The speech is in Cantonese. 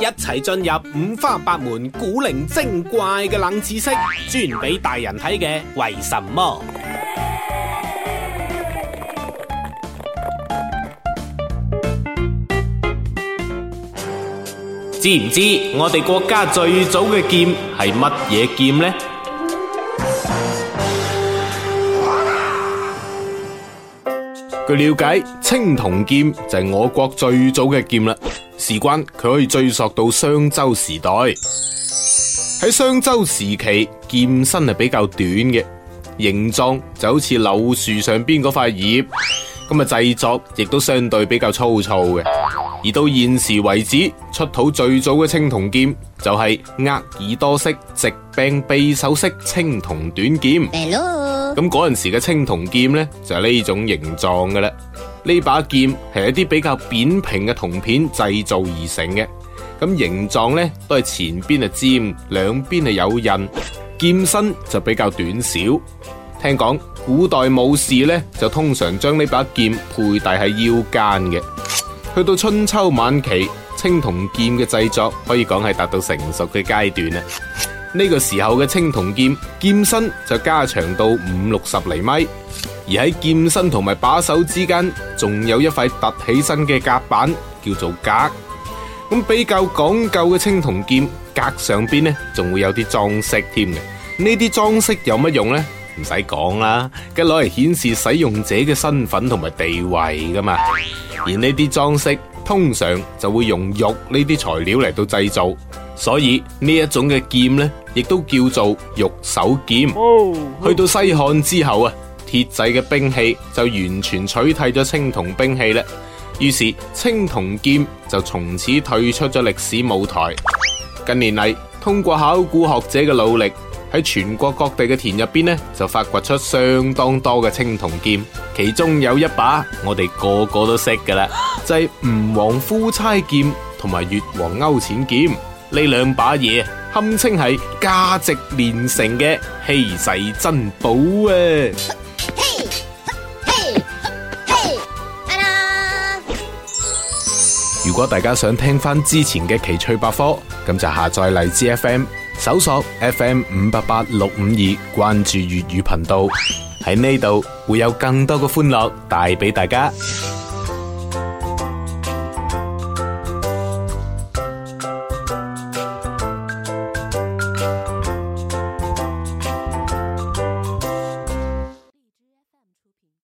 一齊進入五花八門古靈精怪嘅冷知識，專俾大人睇嘅，為什麼？知唔知我哋國家最早嘅劍係乜嘢劍呢？據了解，青銅劍就係我國最早嘅劍啦。事關佢可以追溯到商周時代。喺商周時期，劍身係比較短嘅，形狀就好似柳樹上邊嗰塊葉。咁啊，製作亦都相對比較粗糙嘅。而到現時為止，出土最早嘅青銅劍就係鄂爾多斯式直柄匕首式青銅短劍。Hello. 咁嗰陣時嘅青銅劍呢，就係呢種形狀嘅啦。呢把劍係一啲比較扁平嘅銅片製造而成嘅。咁形狀呢，都係前邊係尖，兩邊係有印，劍身就比較短小。聽講古代武士呢，就通常將呢把劍佩戴喺腰間嘅。去到春秋晚期，青銅劍嘅製作可以講係達到成熟嘅階段啦。呢個時候嘅青銅劍劍身就加長到五六十厘米，而喺劍身同埋把手之間，仲有一塊凸起身嘅夾板，叫做格。咁比較講究嘅青銅劍，格上邊呢，仲會有啲裝飾添嘅。呢啲裝飾有乜用呢？唔使講啦，梗係攞嚟顯示使用者嘅身份同埋地位噶嘛。而呢啲裝飾通常就會用玉呢啲材料嚟到製造。所以呢一種嘅劍呢，亦都叫做玉手劍。哦哦。去到西漢之後啊，鐵製嘅兵器就完全取締咗青銅兵器啦。於是青銅劍就從此退出咗歷史舞台。近年嚟，通過考古學者嘅努力，喺全國各地嘅田入邊呢，就發掘出相當多嘅青銅劍。其中有一把我哋個個都識㗎啦， 就係吳王夫差劍同埋越王勾踐劍。呢兩把嘢堪稱係價值連城嘅稀世珍寶啊！如果大家想聽翻之前嘅奇趣百科，咁就下載荔枝 FM，搜索 FM 五八八六五二，關注粵語頻道。喺呢度會有更多嘅歡樂帶俾大家。